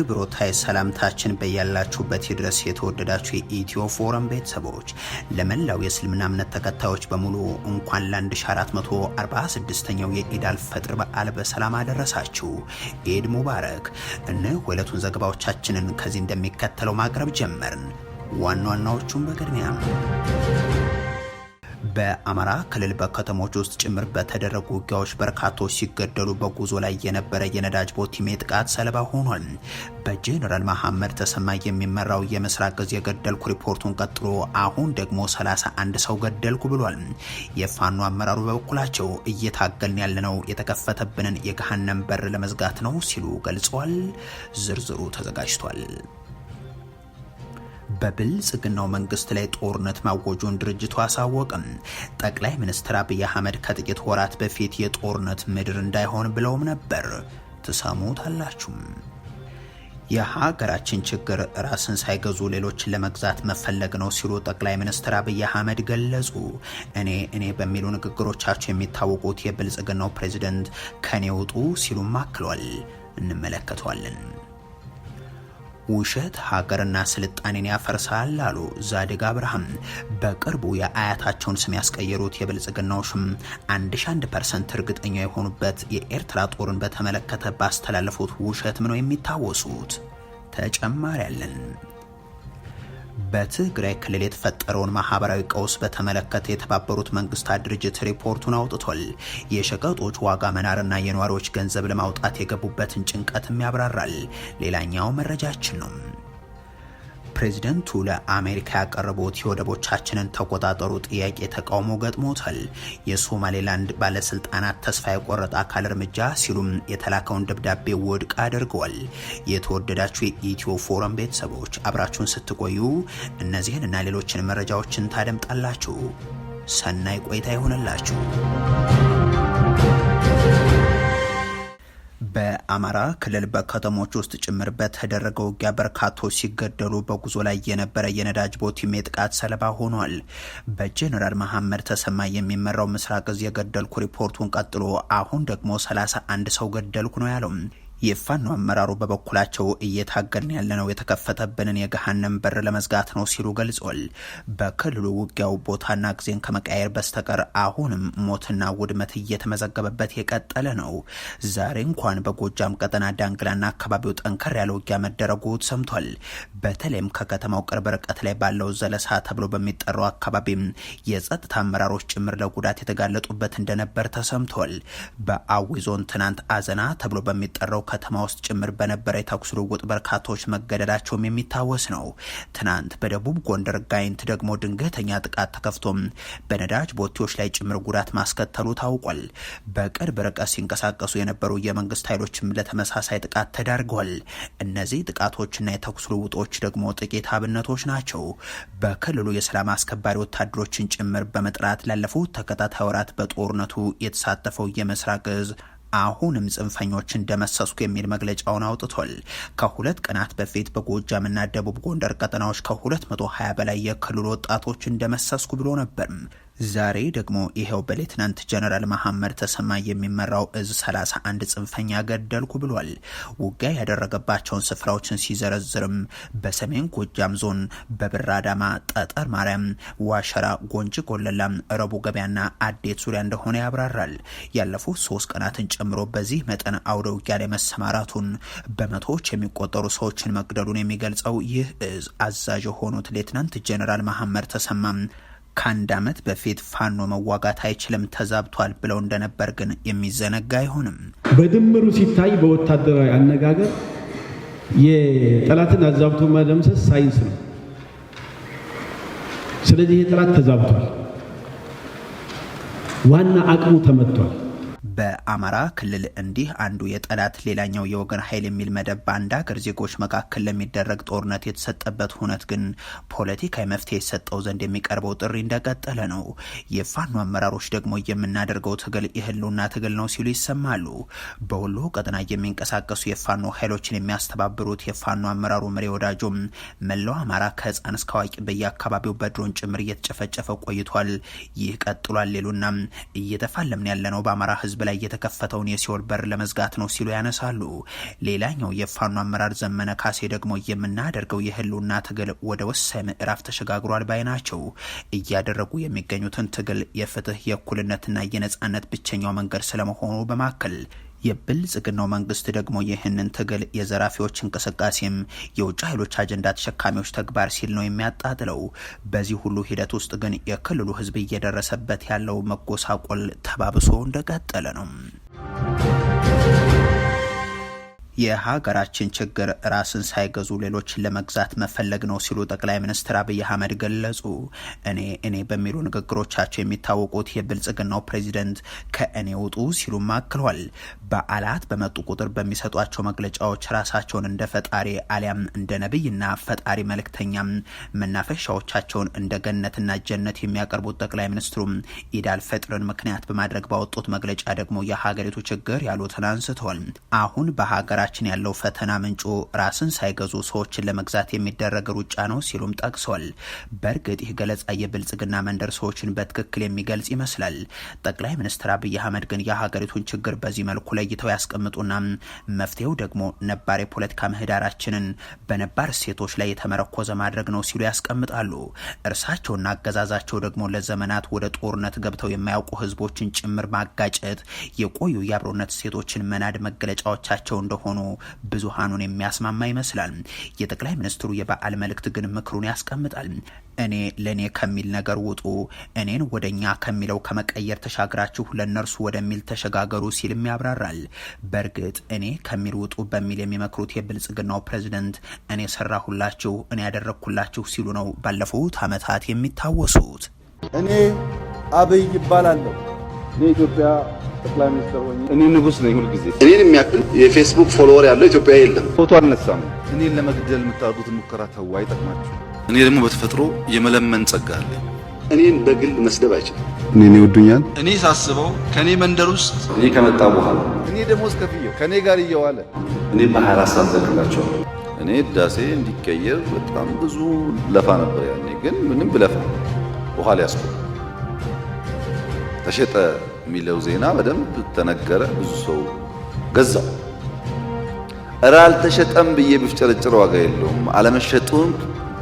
ክብሮታይ ሰላምታችን በያላችሁበት ድረስ የተወደዳችሁ የኢትዮ ፎረም ቤተሰቦች ለመላው የእስልምና እምነት ተከታዮች በሙሉ እንኳን ለ1446ኛው የኢድ አልፈጥር በዓል በሰላም አደረሳችሁ። ኢድ ሙባረክ። እነ ሁለቱን ዘገባዎቻችንን ከዚህ እንደሚከተለው ማቅረብ ጀመርን። ዋና ዋናዎቹን በቅድሚያ በአማራ ክልል በከተሞች ውስጥ ጭምር በተደረጉ ውጊያዎች በርካቶች ሲገደሉ በጉዞ ላይ የነበረ የነዳጅ ቦቴም የጥቃት ሰለባ ሆኗል። በጄኔራል መሐመድ ተሰማ የሚመራው የምስራቅ እዝ የገደልኩ ሪፖርቱን ቀጥሎ አሁን ደግሞ 31 ሰው ገደልኩ ብሏል። የፋኖ አመራሩ በበኩላቸው እየታገልን ያለነው የተከፈተብንን የገሃነም በር ለመዝጋት ነው ሲሉ ገልጸዋል። ዝርዝሩ ተዘጋጅቷል። በብልጽግናው መንግስት ላይ ጦርነት ማወጁን ድርጅቱ አሳወቅም። ጠቅላይ ሚኒስትር አብይ አህመድ ከጥቂት ወራት በፊት የጦርነት ምድር እንዳይሆን ብለውም ነበር። ትሰሙታላችሁም። የሀገራችን ችግር ራስን ሳይገዙ ሌሎችን ለመግዛት መፈለግ ነው ሲሉ ጠቅላይ ሚኒስትር አብይ አህመድ ገለጹ። እኔ እኔ በሚሉ ንግግሮቻቸው የሚታወቁት የብልጽግናው ፕሬዚደንት ከኔ ውጡ ሲሉም አክሏል። እንመለከተዋለን። ውሸት ሀገርና ስልጣኔን ያፈርሳል አሉ ዛዲግ አብርሃም። በቅርቡ የአያታቸውን ስም ያስቀየሩት የብልጽግናዎችም 11 ፐርሰንት እርግጠኛ የሆኑበት የኤርትራ ጦርን በተመለከተ ባስተላለፉት ውሸት ነው የሚታወሱት። ተጨማሪ አለን። በትግራይ ክልል የተፈጠረውን ማህበራዊ ቀውስ በተመለከተ የተባበሩት መንግስታት ድርጅት ሪፖርቱን አውጥቷል። የሸቀጦች ዋጋ መናርና የነዋሪዎች ገንዘብ ለማውጣት የገቡበትን ጭንቀትም ያብራራል። ሌላኛው መረጃችን ነው። ፕሬዚደንቱ ለአሜሪካ ያቀረቡት የወደቦቻችንን ተቆጣጠሩ ጥያቄ ተቃውሞ ገጥሞታል። የሶማሌላንድ ባለስልጣናት ተስፋ የቆረጠ አካል እርምጃ ሲሉም የተላከውን ደብዳቤ ውድቅ አድርገዋል። የተወደዳችሁ የኢትዮ ፎረም ቤተሰቦች አብራችሁን ስትቆዩ እነዚህን እና ሌሎችን መረጃዎችን ታደምጣላችሁ። ሰናይ ቆይታ ይሆንላችሁ። በአማራ ክልል በከተሞች ውስጥ ጭምር በተደረገ ውጊያ በርካቶች ሲገደሉ በጉዞ ላይ የነበረ የነዳጅ ቦቲም የጥቃት ሰለባ ሆኗል። በጀኔራል መሐመድ ተሰማ የሚመራው ምስራቅ እዝ የገደልኩ ሪፖርቱን ቀጥሎ አሁን ደግሞ ሰላሳ አንድ ሰው ገደልኩ ነው ያለው። የፋኖ አመራሩ በበኩላቸው እየታገልን ያለነው የተከፈተብንን የገሃነም በር ለመዝጋት ነው ሲሉ ገልጿል። በክልሉ ውጊያው ቦታና ጊዜን ከመቀያየር በስተቀር አሁንም ሞትና ውድመት እየተመዘገበበት የቀጠለ ነው። ዛሬ እንኳን በጎጃም ቀጠና ዳንግላና አካባቢው ጠንከር ያለ ውጊያ መደረጉ ሰምቷል። በተለይም ከከተማው ቅርብ ርቀት ላይ ባለው ዘለሳ ተብሎ በሚጠራው አካባቢም የጸጥታ አመራሮች ጭምር ለጉዳት የተጋለጡበት እንደነበር ተሰምቷል። በአዊ ዞን ትናንት አዘና ተብሎ በሚጠራው ከተማ ውስጥ ጭምር በነበረ የተኩስ ልውውጥ በርካታዎች መገደላቸውም የሚታወስ ነው። ትናንት በደቡብ ጎንደር ጋይንት ደግሞ ድንገተኛ ጥቃት ተከፍቶም በነዳጅ ቦቴዎች ላይ ጭምር ጉዳት ማስከተሉ ታውቋል። በቅርብ ርቀት ሲንቀሳቀሱ የነበሩ የመንግስት ኃይሎችም ለተመሳሳይ ጥቃት ተዳርገዋል። እነዚህ ጥቃቶችና የተኩስ ልውውጦች ደግሞ ጥቂት አብነቶች ናቸው። በክልሉ የሰላም አስከባሪ ወታደሮችን ጭምር በመጥራት ላለፉት ተከታታይ ወራት በጦርነቱ የተሳተፈው የምስራቅ እዝ አሁንም ጽንፈኞች እንደመሰስኩ የሚል መግለጫውን አውጥቷል። ከሁለት ቀናት በፊት በጎጃምና ደቡብ ጎንደር ቀጠናዎች ከ220 በላይ የክልሉ ወጣቶች እንደመሰስኩ ብሎ ነበር። ዛሬ ደግሞ ይኸው በሌትናንት ጀነራል መሐመድ ተሰማ የሚመራው እዝ 31 ጽንፈኛ ገደልኩ ብሏል። ውጊያ ያደረገባቸውን ስፍራዎችን ሲዘረዝርም በሰሜን ጎጃም ዞን በብር አዳማ፣ ጠጠር ማርያም፣ ዋሸራ፣ ጎንጂ ጎለላ፣ ረቡ ገበያና አዴት ዙሪያ እንደሆነ ያብራራል። ያለፉት ሶስት ቀናትን ጨምሮ በዚህ መጠን አውደ ውጊያ ላይ መሰማራቱን በመቶዎች የሚቆጠሩ ሰዎችን መግደሉን የሚገልጸው ይህ እዝ አዛዥ የሆኑት ሌትናንት ጀነራል መሐመድ ተሰማም ከአንድ ዓመት በፊት ፋኖ መዋጋት አይችልም ተዛብቷል ብለው እንደነበር ግን የሚዘነጋ አይሆንም። በድምሩ ሲታይ በወታደራዊ አነጋገር የጠላትን አዛብቶ መደምሰስ ሳይንስ ነው። ስለዚህ የጠላት ተዛብቷል፣ ዋና አቅሙ ተመቷል። በአማራ ክልል እንዲህ አንዱ የጠላት ሌላኛው የወገን ኃይል የሚል መደብ በአንድ ሀገር ዜጎች መካከል ለሚደረግ ጦርነት የተሰጠበት ሁነት ግን ፖለቲካዊ መፍትሄ ይሰጠው ዘንድ የሚቀርበው ጥሪ እንደቀጠለ ነው። የፋኖ አመራሮች ደግሞ የምናደርገው ትግል የህልውና ትግል ነው ሲሉ ይሰማሉ። በወሎ ቀጠና የሚንቀሳቀሱ የፋኖ ኃይሎችን የሚያስተባብሩት የፋኖ አመራሩ መሪ ወዳጁም መላው አማራ ከህፃን እስከ አዋቂ በየአካባቢው በድሮን ጭምር እየተጨፈጨፈ ቆይቷል። ይህ ቀጥሏል ሌሉና እየተፋለምን ያለነው በአማራ ህዝብ በላይ የተከፈተውን የሲኦል በር ለመዝጋት ነው ሲሉ ያነሳሉ። ሌላኛው የፋኖ አመራር ዘመነ ካሴ ደግሞ የምናደርገው የህልውና ትግል ወደ ወሳኝ ምዕራፍ ተሸጋግሯል ባይ ናቸው። እያደረጉ የሚገኙትን ትግል የፍትህ የእኩልነትና የነጻነት ብቸኛው መንገድ ስለመሆኑ በማከል የብልጽግናው መንግስት ደግሞ ይህንን ትግል የዘራፊዎች እንቅስቃሴም የውጭ ኃይሎች አጀንዳ ተሸካሚዎች ተግባር ሲል ነው የሚያጣጥለው። በዚህ ሁሉ ሂደት ውስጥ ግን የክልሉ ህዝብ እየደረሰበት ያለው መጎሳቆል ተባብሶ እንደቀጠለ ነው። የሀገራችን ችግር ራስን ሳይገዙ ሌሎችን ለመግዛት መፈለግ ነው ሲሉ ጠቅላይ ሚኒስትር አብይ አህመድ ገለጹ። እኔ እኔ በሚሉ ንግግሮቻቸው የሚታወቁት የብልጽግናው ፕሬዚደንት ከእኔ ውጡ ሲሉም አክሏል። በዓላት በመጡ ቁጥር በሚሰጧቸው መግለጫዎች ራሳቸውን እንደ ፈጣሪ አሊያም እንደ ነቢይና ፈጣሪ መልእክተኛም መናፈሻዎቻቸውን እንደ ገነትና ጀነት የሚያቀርቡት ጠቅላይ ሚኒስትሩም ኢዳል ፈጥርን ምክንያት በማድረግ ባወጡት መግለጫ ደግሞ የሀገሪቱ ችግር ያሉትን አንስተዋል። አሁን በሀገራ ሀገራችን ያለው ፈተና ምንጩ ራስን ሳይገዙ ሰዎችን ለመግዛት የሚደረግ ሩጫ ነው ሲሉም ጠቅሷል። በእርግጥ ይህ ገለጻ የብልጽግና መንደር ሰዎችን በትክክል የሚገልጽ ይመስላል። ጠቅላይ ሚኒስትር አብይ አህመድ ግን የሀገሪቱን ችግር በዚህ መልኩ ለይተው ያስቀምጡና መፍትሄው ደግሞ ነባር የፖለቲካ ምህዳራችንን በነባር እሴቶች ላይ የተመረኮዘ ማድረግ ነው ሲሉ ያስቀምጣሉ። እርሳቸውና አገዛዛቸው ደግሞ ለዘመናት ወደ ጦርነት ገብተው የማያውቁ ህዝቦችን ጭምር ማጋጨት የቆዩ የአብሮነት እሴቶችን መናድ መገለጫዎቻቸው እንደሆኑ መሆኑ ብዙሃኑን የሚያስማማ ይመስላል። የጠቅላይ ሚኒስትሩ የበዓል መልእክት ግን ምክሩን ያስቀምጣል። እኔ ለእኔ ከሚል ነገር ውጡ፣ እኔን ወደ እኛ ከሚለው ከመቀየር ተሻግራችሁ ለእነርሱ ወደሚል ተሸጋገሩ ሲልም ያብራራል። በእርግጥ እኔ ከሚል ውጡ በሚል የሚመክሩት የብልጽግናው ፕሬዝደንት እኔ ሰራሁላችሁ፣ እኔ ያደረግኩላችሁ ሲሉ ነው ባለፉት ዓመታት የሚታወሱት። እኔ አብይ ይባላለሁ ለኢትዮጵያ ጠቅላይ ሚኒስትር ሆኜ እኔ ንጉስ ነኝ ሁልጊዜ። እኔን የሚያክል የፌስቡክ ፎሎወር ያለው ኢትዮጵያ የለም። ፎቶ አልነሳም። እኔን ለመግደል የምታደርጉት ሙከራ ተው፣ አይጠቅማችሁ። እኔ ደግሞ በተፈጥሮ የመለመን ጸጋ አለኝ። እኔን በግል መስደብ አይችልም። እኔን ይወዱኛል። እኔ ሳስበው ከእኔ መንደር ውስጥ እኔ ከመጣ በኋላ እኔ ደሞዝ ከፍየው ከእኔ ጋር እየዋለ እኔ በሀያ 24 ሰዓት እኔ ህዳሴ እንዲቀየር በጣም ብዙ ለፋ ነበር ያኔ። ግን ምንም ብለፋ በኋላ ያስቆ ተሸጠ የሚለው ዜና በደንብ ተነገረ። ብዙ ሰው ገዛው። እረ አልተሸጠም ብዬ ብፍጨረጭር ዋጋ የለውም። አለመሸጡን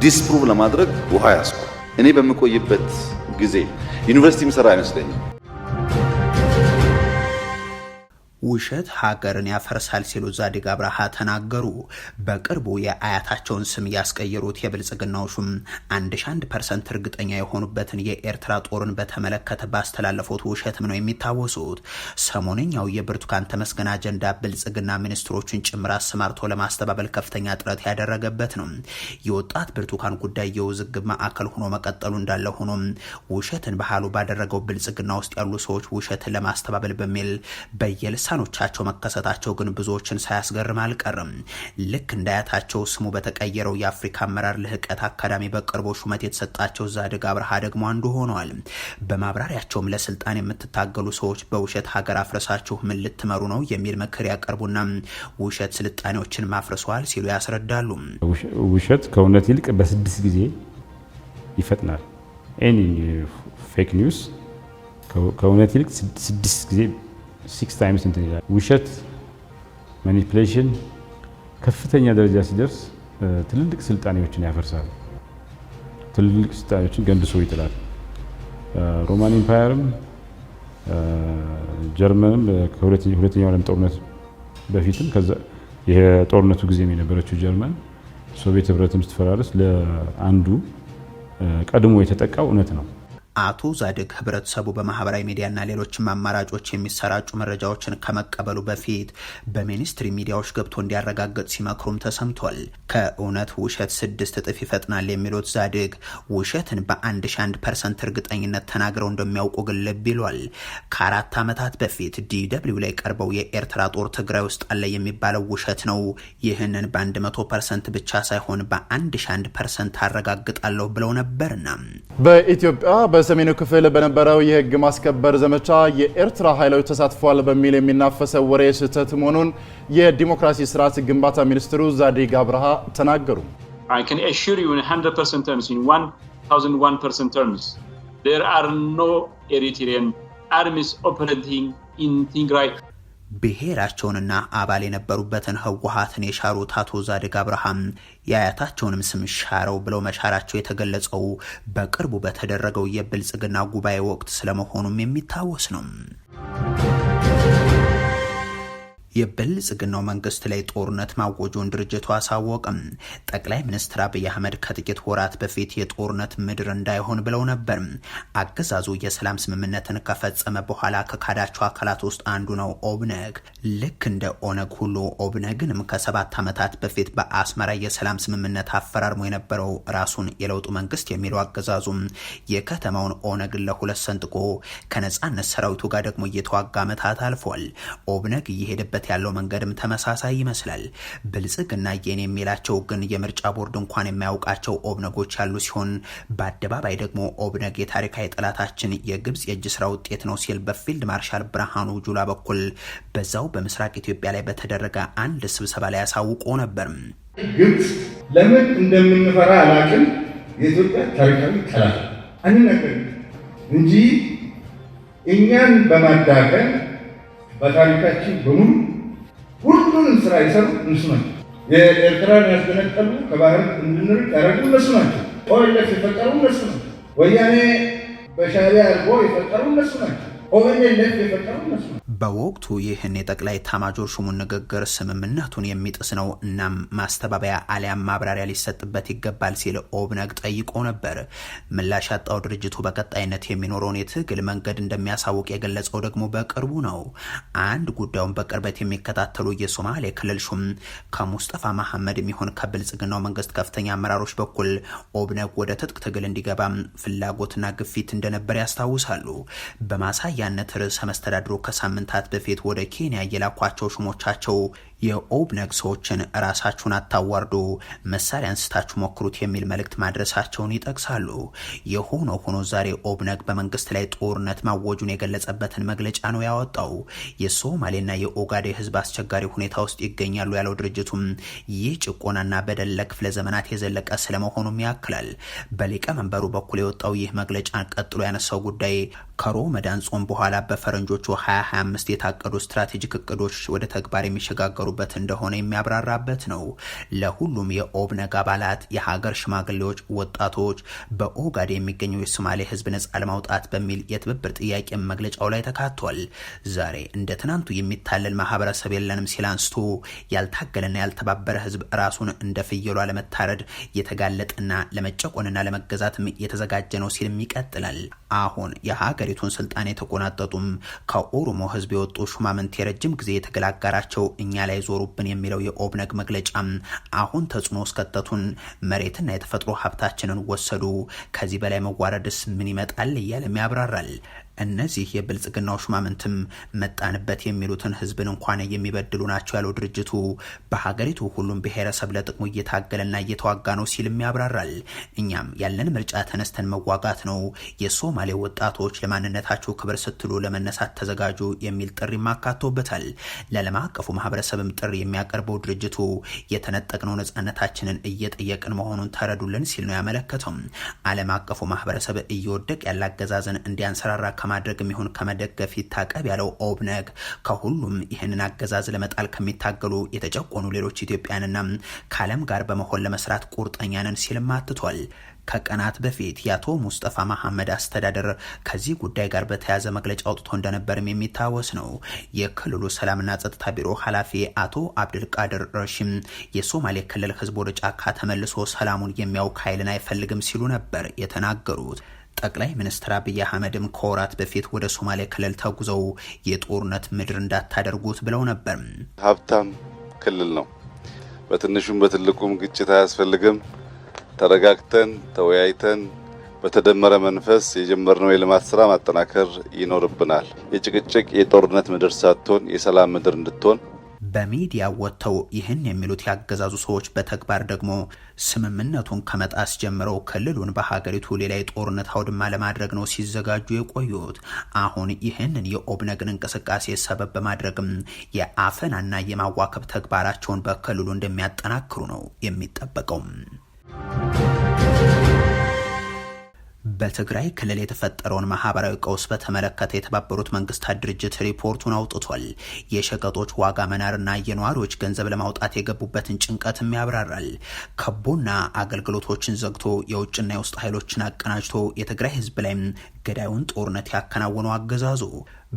ዲስፕሩቭ ለማድረግ ውሃ ያስኩ። እኔ በምቆይበት ጊዜ ዩኒቨርሲቲ ምሰራ አይመስለኝም። ውሸት ሀገርን ያፈርሳል ሲሉ ዛዲግ አብርሃ ተናገሩ። በቅርቡ የአያታቸውን ስም ያስቀየሩት የብልጽግናዎቹም አንድ ሺ አንድ ፐርሰንት እርግጠኛ የሆኑበትን የኤርትራ ጦርን በተመለከተ ባስተላለፉት ውሸትም ነው የሚታወሱት። ሰሞነኛው የብርቱካን ተመስገን አጀንዳ ብልጽግና ሚኒስትሮቹን ጭምር አሰማርቶ ለማስተባበል ከፍተኛ ጥረት ያደረገበት ነው። የወጣት ብርቱካን ጉዳይ የውዝግብ ማዕከል ሆኖ መቀጠሉ እንዳለ ሆኖ ውሸትን ባህሉ ባደረገው ብልጽግና ውስጥ ያሉ ሰዎች ውሸትን ለማስተባበል በሚል በየልሳ በእርከኖቻቸው መከሰታቸው ግን ብዙዎችን ሳያስገርም አልቀርም። ልክ እንዳያታቸው ስሙ በተቀየረው የአፍሪካ አመራር ልህቀት አካዳሚ በቅርቡ ሹመት የተሰጣቸው ዛድግ አብርሃ ደግሞ አንዱ ሆነዋል። በማብራሪያቸውም ለስልጣን የምትታገሉ ሰዎች በውሸት ሀገር አፍረሳችሁ ምን ልትመሩ ነው የሚል ምክር ያቀርቡና ውሸት ስልጣኔዎችን ማፍረሰዋል ሲሉ ያስረዳሉ። ውሸት ከእውነት ይልቅ በስድስት ጊዜ ይፈጥናል። ፌክ ኒውስ ከእውነት ይልቅ ስድስት ጊዜ ሲክስ ታይምስ እንትን ይላል። ውሸት፣ ማኒፕሌሽን ከፍተኛ ደረጃ ሲደርስ ትልልቅ ስልጣኔዎችን ያፈርሳል። ትልልቅ ስልጣኔዎችን ገንድሶ ይጥላል። ሮማን ኢምፓየርም ጀርመንም ከሁለተኛው ዓለም ጦርነት በፊትም የጦርነቱ ጊዜም የነበረችው ጀርመን ሶቪየት ህብረትም ስትፈራርስ ለአንዱ ቀድሞ የተጠቃው እውነት ነው። አቶ ዛድግ ህብረተሰቡ በማህበራዊ ሚዲያና ሌሎችም አማራጮች የሚሰራጩ መረጃዎችን ከመቀበሉ በፊት በሚኒስትሪ ሚዲያዎች ገብቶ እንዲያረጋግጥ ሲመክሩም ተሰምቷል። ከእውነት ውሸት ስድስት እጥፍ ይፈጥናል የሚሉት ዛድግ ውሸትን በአንድ ሺ አንድ ፐርሰንት እርግጠኝነት ተናግረው እንደሚያውቁ ግን ልብ ይሏል። ከአራት ዓመታት በፊት ዲደብሊው ላይ ቀርበው የኤርትራ ጦር ትግራይ ውስጥ አለ የሚባለው ውሸት ነው፣ ይህንን በአንድ መቶ ፐርሰንት ብቻ ሳይሆን በአንድ ሺ አንድ ፐርሰንት አረጋግጣለሁ ብለው ነበርና በኢትዮጵያ በሰሜኑ ክፍል በነበረው የህግ ማስከበር ዘመቻ የኤርትራ ኃይሎች ተሳትፏል በሚል የሚናፈሰው ወሬ ስህተት መሆኑን የዲሞክራሲ ስርዓት ግንባታ ሚኒስትሩ ዛዲግ አብርሃ ተናገሩ። ብሔራቸውንና አባል የነበሩበትን ህወሀትን የሻሩት አቶ ዛድግ አብርሃም የአያታቸውንም ስም ሻረው ብለው መሻራቸው የተገለጸው በቅርቡ በተደረገው የብልጽግና ጉባኤ ወቅት ስለመሆኑም የሚታወስ ነው። የብልጽግናው መንግስት ላይ ጦርነት ማወጁን ድርጅቱ አሳወቅም። ጠቅላይ ሚኒስትር አብይ አህመድ ከጥቂት ወራት በፊት የጦርነት ምድር እንዳይሆን ብለው ነበር። አገዛዙ የሰላም ስምምነትን ከፈጸመ በኋላ ከካዳቸው አካላት ውስጥ አንዱ ነው ኦብነግ። ልክ እንደ ኦነግ ሁሉ ኦብነግንም ከሰባት ዓመታት በፊት በአስመራ የሰላም ስምምነት አፈራርሞ የነበረው ራሱን የለውጡ መንግስት የሚለው አገዛዙም የከተማውን ኦነግን ለሁለት ሰንጥቆ ከነጻነት ሰራዊቱ ጋር ደግሞ እየተዋጋ ዓመታት አልፏል። ኦብነግ እየሄደበት እየሄደበት ያለው መንገድም ተመሳሳይ ይመስላል። ብልጽግና የኔ የሚላቸው ግን የምርጫ ቦርድ እንኳን የማያውቃቸው ኦብነጎች ያሉ ሲሆን በአደባባይ ደግሞ ኦብነግ የታሪካዊ ጠላታችን የግብፅ የእጅ ስራ ውጤት ነው ሲል በፊልድ ማርሻል ብርሃኑ ጁላ በኩል በዛው በምስራቅ ኢትዮጵያ ላይ በተደረገ አንድ ስብሰባ ላይ ያሳውቆ ነበር። ግብፅ ለምን እንደምንፈራ አላቅም። የኢትዮጵያ ታሪካዊ ጠላት አንነገር እንጂ እኛን በማዳገን በታሪካችን በሙሉ ሁሉንም ስራ የሰሩ እነሱ ናቸው። የኤርትራን ያስገነጠሉ ከባህር እንድንርቅ ያደረጉ እነሱ ናቸው። ኦኤልኤፍ የፈጠሩ እነሱ ናቸው። ወያኔ በሻዕቢያ አድርጎ የፈጠሩ እነሱ ናቸው። ኦኤልኤፍ የፈጠሩ እነሱ ናቸው። በወቅቱ ይህን የጠቅላይ ታማጆር ሹሙን ንግግር ስምምነቱን የሚጥስ ነው፣ እናም ማስተባበያ አሊያም ማብራሪያ ሊሰጥበት ይገባል ሲል ኦብነግ ጠይቆ ነበር። ምላሽ ያጣው ድርጅቱ በቀጣይነት የሚኖረውን የትግል መንገድ እንደሚያሳውቅ የገለጸው ደግሞ በቅርቡ ነው። አንድ ጉዳዩን በቅርበት የሚከታተሉ የሶማሌ ክልል ሹም ከሙስጠፋ መሐመድ የሚሆን ከብልጽግናው መንግስት ከፍተኛ አመራሮች በኩል ኦብነግ ወደ ትጥቅ ትግል እንዲገባ ፍላጎትና ግፊት እንደነበር ያስታውሳሉ። በማሳያነት ርዕሰ መስተዳድሩ ከሳምንት ከሳምንታት በፊት ወደ ኬንያ የላኳቸው ሹሞቻቸው የኦብነግ ሰዎችን ራሳችሁን አታዋርዱ፣ መሳሪያ አንስታችሁ ሞክሩት የሚል መልእክት ማድረሳቸውን ይጠቅሳሉ። የሆኖ ሆኖ ዛሬ ኦብነግ በመንግስት ላይ ጦርነት ማወጁን የገለጸበትን መግለጫ ነው ያወጣው። የሶማሌና የኦጋዴ ህዝብ አስቸጋሪ ሁኔታ ውስጥ ይገኛሉ ያለው ድርጅቱም ይህ ጭቆናና በደል ለክፍለ ዘመናት የዘለቀ ስለመሆኑም ያክላል። በሊቀመንበሩ በኩል የወጣው ይህ መግለጫ ቀጥሎ ያነሳው ጉዳይ ከሮመዳን ጾም በኋላ በፈረንጆቹ 2025 የታቀዱ ስትራቴጂክ እቅዶች ወደ ተግባር የሚሸጋገሩ የሚኖሩበት እንደሆነ የሚያብራራበት ነው። ለሁሉም የኦብነግ አባላት፣ የሀገር ሽማግሌዎች፣ ወጣቶች በኦጋድ የሚገኘው የሶማሌ ህዝብ ነጻ ለማውጣት በሚል የትብብር ጥያቄ መግለጫው ላይ ተካቷል። ዛሬ እንደ ትናንቱ የሚታለል ማህበረሰብ የለንም ሲል አንስቶ ያልታገለና ያልተባበረ ህዝብ ራሱን እንደ ፍየሏ ለመታረድ የተጋለጠና ለመጨቆንና ለመገዛትም የተዘጋጀ ነው ሲልም ይቀጥላል። አሁን የሀገሪቱን ስልጣን የተቆናጠጡም ከኦሮሞ ህዝብ የወጡ ሹማምንት የረጅም ጊዜ የተገላገራቸው እኛ ላይ እንዳይዞሩብን የሚለው የኦብነግ መግለጫ አሁን ተጽዕኖ እስከተቱን መሬትና የተፈጥሮ ሀብታችንን ወሰዱ፣ ከዚህ በላይ መዋረድስ ምን ይመጣል እያለም ያብራራል። እነዚህ የብልጽግናው ሹማምንትም መጣንበት የሚሉትን ህዝብን እንኳን የሚበድሉ ናቸው ያለው ድርጅቱ በሀገሪቱ ሁሉም ብሔረሰብ ለጥቅሙ እየታገለና እየተዋጋ ነው ሲልም ያብራራል። እኛም ያለን ምርጫ ተነስተን መዋጋት ነው። የሶማሌ ወጣቶች ለማንነታቸው ክብር ስትሉ ለመነሳት ተዘጋጁ የሚል ጥሪ ማካቶበታል። ለዓለም አቀፉ ማህበረሰብም ጥሪ የሚያቀርበው ድርጅቱ የተነጠቅነው ነጻነታችንን እየጠየቅን መሆኑን ተረዱልን ሲል ነው ያመለከተው። ዓለም አቀፉ ማህበረሰብ እየወደቅ ያለ አገዛዝን እንዲያንሰራራ ከማድረግ የሚሆን ከመደገፍ ይታቀብ ያለው ኦብነግ ከሁሉም ይህንን አገዛዝ ለመጣል ከሚታገሉ የተጨቆኑ ሌሎች ኢትዮጵያንና ከዓለም ጋር በመሆን ለመስራት ቁርጠኛንን ሲልም አትቷል። ከቀናት በፊት የአቶ ሙስጠፋ መሐመድ አስተዳደር ከዚህ ጉዳይ ጋር በተያዘ መግለጫ አውጥቶ እንደነበርም የሚታወስ ነው። የክልሉ ሰላምና ጸጥታ ቢሮ ኃላፊ አቶ አብድልቃድር ረሺም የሶማሌ ክልል ህዝብ ወደ ጫካ ተመልሶ ሰላሙን የሚያውክ ኃይልን አይፈልግም ሲሉ ነበር የተናገሩት። ጠቅላይ ሚኒስትር አብይ አህመድም ከወራት በፊት ወደ ሶማሌ ክልል ተጉዘው የጦርነት ምድር እንዳታደርጉት ብለው ነበር። ሀብታም ክልል ነው። በትንሹም በትልቁም ግጭት አያስፈልግም። ተረጋግተን ተወያይተን በተደመረ መንፈስ የጀመርነው የልማት ስራ ማጠናከር ይኖርብናል። የጭቅጭቅ የጦርነት ምድር ሳትሆን የሰላም ምድር እንድትሆን በሚዲያ ወጥተው ይህን የሚሉት ያገዛዙ ሰዎች በተግባር ደግሞ ስምምነቱን ከመጣስ ጀምረው ክልሉን በሀገሪቱ ሌላ የጦርነት አውድማ ለማድረግ ነው ሲዘጋጁ የቆዩት። አሁን ይህንን የኦብነግን እንቅስቃሴ ሰበብ በማድረግም የአፈናና የማዋከብ ተግባራቸውን በክልሉ እንደሚያጠናክሩ ነው የሚጠበቀው። በትግራይ ክልል የተፈጠረውን ማህበራዊ ቀውስ በተመለከተ የተባበሩት መንግስታት ድርጅት ሪፖርቱን አውጥቷል። የሸቀጦች ዋጋ መናርና የነዋሪዎች ገንዘብ ለማውጣት የገቡበትን ጭንቀትም ያብራራል። ከቦና አገልግሎቶችን ዘግቶ የውጭና የውስጥ ኃይሎችን አቀናጅቶ የትግራይ ህዝብ ላይም ገዳዩን ጦርነት ያከናወነው አገዛዙ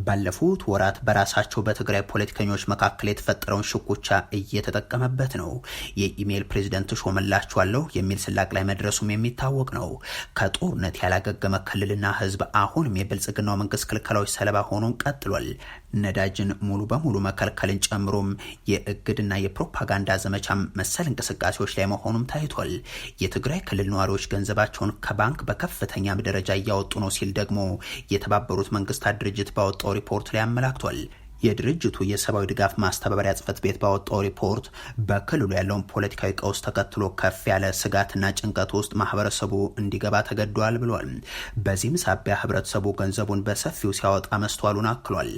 ባለፉት ወራት በራሳቸው በትግራይ ፖለቲከኞች መካከል የተፈጠረውን ሽኩቻ እየተጠቀመበት ነው። የኢሜይል ፕሬዚደንት ሾመላችኋለሁ የሚል ስላቅ ላይ መድረሱም የሚታወቅ ነው። ከጦርነት ያላገገመ ክልልና ህዝብ አሁንም የብልጽግናው መንግስት ክልከላዎች ሰለባ ሆኖን ቀጥሏል። ነዳጅን ሙሉ በሙሉ መከልከልን ጨምሮም የእግድና የፕሮፓጋንዳ ዘመቻ መሰል እንቅስቃሴዎች ላይ መሆኑም ታይቷል። የትግራይ ክልል ነዋሪዎች ገንዘባቸውን ከባንክ በከፍተኛም ደረጃ እያወጡ ነው ሲል ደግሞ የተባበሩት መንግስታት ድርጅት ባወጣው ሪፖርት ላይ አመላክቷል። የድርጅቱ የሰብአዊ ድጋፍ ማስተባበሪያ ጽህፈት ቤት ባወጣው ሪፖርት በክልሉ ያለውን ፖለቲካዊ ቀውስ ተከትሎ ከፍ ያለ ስጋትና ጭንቀት ውስጥ ማህበረሰቡ እንዲገባ ተገዷል ብሏል። በዚህም ሳቢያ ህብረተሰቡ ገንዘቡን በሰፊው ሲያወጣ መስተዋሉን አክሏል።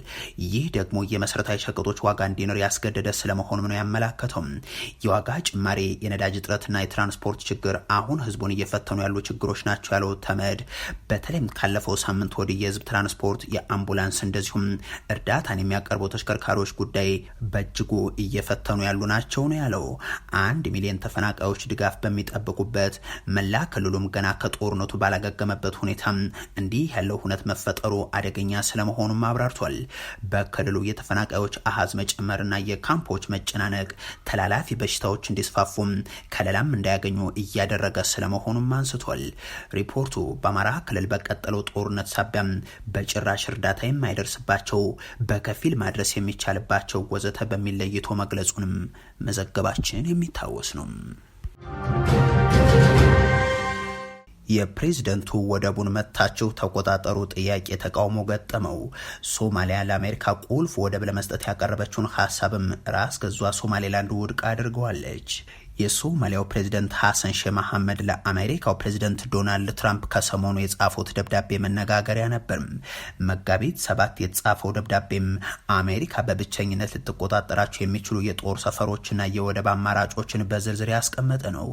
ይህ ደግሞ የመሰረታዊ ሸቀጦች ዋጋ እንዲኖር ያስገደደ ስለመሆኑም ነው ያመላከተው። የዋጋ ጭማሬ፣ የነዳጅ እጥረትና የትራንስፖርት ችግር አሁን ህዝቡን እየፈተኑ ያሉ ችግሮች ናቸው ያለው ተመድ በተለይም ካለፈው ሳምንት ወዲህ የህዝብ ትራንስፖርት፣ የአምቡላንስ እንደዚሁም እርዳታን የሚያቀ የሚያቀርቡ ተሽከርካሪዎች ጉዳይ በእጅጉ እየፈተኑ ያሉ ናቸው ነው ያለው። አንድ ሚሊዮን ተፈናቃዮች ድጋፍ በሚጠብቁበት መላ ክልሉም ገና ከጦርነቱ ባላገገመበት ሁኔታም እንዲህ ያለው ሁነት መፈጠሩ አደገኛ ስለመሆኑም አብራርቷል። በክልሉ የተፈናቃዮች አሃዝ መጨመርና የካምፖች መጨናነቅ ተላላፊ በሽታዎች እንዲስፋፉም ከለላም እንዳያገኙ እያደረገ ስለመሆኑም አንስቷል። ሪፖርቱ በአማራ ክልል በቀጠለው ጦርነት ሳቢያም በጭራሽ እርዳታ የማይደርስባቸው በከፊል ማድረስ የሚቻልባቸው ወዘተ በሚል ለይቶ መግለጹንም መዘገባችን የሚታወስ ነው። የፕሬዝደንቱ ወደቡን መታችሁ ተቆጣጠሩ ጥያቄ ተቃውሞ ገጠመው። ሶማሊያ ለአሜሪካ ቁልፍ ወደብ ለመስጠት ያቀረበችውን ሀሳብም ራስ ገዟ ሶማሌላንድ ውድቅ አድርገዋለች። የሶማሊያው ፕሬዝደንት ሐሰን ሼህ መሐመድ ለአሜሪካው ፕሬዝደንት ዶናልድ ትራምፕ ከሰሞኑ የጻፉት ደብዳቤ መነጋገሪያ ነበር። መጋቢት ሰባት የተጻፈው ደብዳቤም አሜሪካ በብቸኝነት ልትቆጣጠራቸው የሚችሉ የጦር ሰፈሮችና የወደብ አማራጮችን በዝርዝር ያስቀመጠ ነው።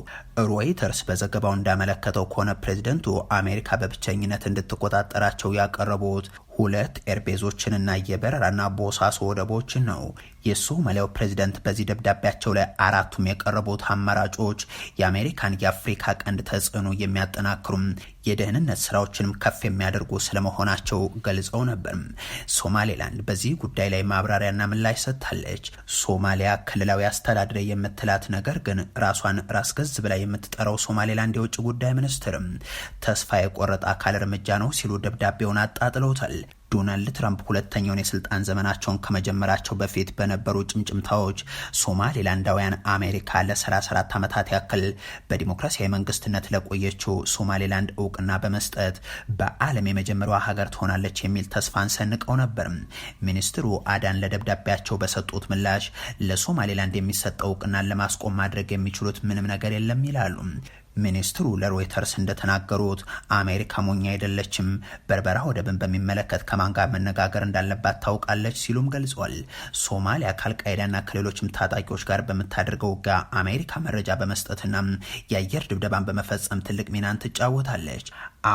ሮይተርስ በዘገባው እንዳመለከተው ከሆነ ፕሬዝደንቱ አሜሪካ በብቸኝነት እንድትቆጣጠራቸው ያቀረቡት ሁለት ኤርቤዞችንና የበረራና ቦሳሶ ወደቦችን ነው። የሶማሊያው ፕሬዚደንት በዚህ ደብዳቤያቸው ላይ አራቱም የቀረቡት አማራጮች የአሜሪካን የአፍሪካ ቀንድ ተጽዕኖ የሚያጠናክሩም የደህንነት ስራዎችንም ከፍ የሚያደርጉ ስለመሆናቸው ገልጸው ነበር። ሶማሌላንድ በዚህ ጉዳይ ላይ ማብራሪያና ምላሽ ሰጥታለች። ሶማሊያ ክልላዊ አስተዳደር የምትላት ነገር ግን ራሷን ራስ ገዝ ብላ የምትጠራው ሶማሌላንድ የውጭ ጉዳይ ሚኒስትርም ተስፋ የቆረጠ አካል እርምጃ ነው ሲሉ ደብዳቤውን አጣጥለውታል። ዶናልድ ትራምፕ ሁለተኛውን የስልጣን ዘመናቸውን ከመጀመራቸው በፊት በነበሩ ጭምጭምታዎች ሶማሌላንዳውያን አሜሪካ ለ34 ዓመታት ያክል በዲሞክራሲያዊ መንግስትነት ለቆየችው ሶማሌላንድ እውቅና በመስጠት በዓለም የመጀመሪያዋ ሀገር ትሆናለች የሚል ተስፋን ሰንቀው ነበር። ሚኒስትሩ አዳን ለደብዳቤያቸው በሰጡት ምላሽ ለሶማሌላንድ የሚሰጠው እውቅናን ለማስቆም ማድረግ የሚችሉት ምንም ነገር የለም ይላሉ። ሚኒስትሩ ለሮይተርስ እንደተናገሩት አሜሪካ ሞኛ አይደለችም፣ በርበራ ወደብን በሚመለከት ከማን ጋር መነጋገር እንዳለባት ታውቃለች ሲሉም ገልጿል። ሶማሊያ ከአልቃይዳና ከሌሎችም ታጣቂዎች ጋር በምታደርገው ውጋ አሜሪካ መረጃ በመስጠትና የአየር ድብደባን በመፈጸም ትልቅ ሚናን ትጫወታለች።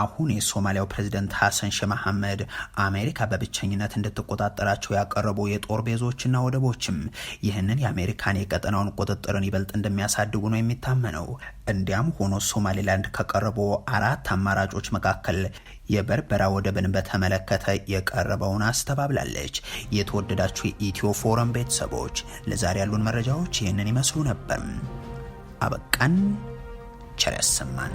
አሁን የሶማሊያው ፕሬዚደንት ሐሰን ሼህ መሐመድ አሜሪካ በብቸኝነት እንድትቆጣጠራቸው ያቀረቡ የጦር ቤዞችና ወደቦችም ይህንን የአሜሪካን የቀጠናውን ቁጥጥርን ይበልጥ እንደሚያሳድጉ ነው የሚታመነው። እንዲያም ሆኖ ሶማሌላንድ ከቀረቡ አራት አማራጮች መካከል የበርበራ ወደብን በተመለከተ የቀረበውን አስተባብላለች። የተወደዳችሁ የኢትዮ ፎረም ቤተሰቦች ለዛሬ ያሉን መረጃዎች ይህንን ይመስሉ ነበር። አበቃን። ቸር ያሰማን።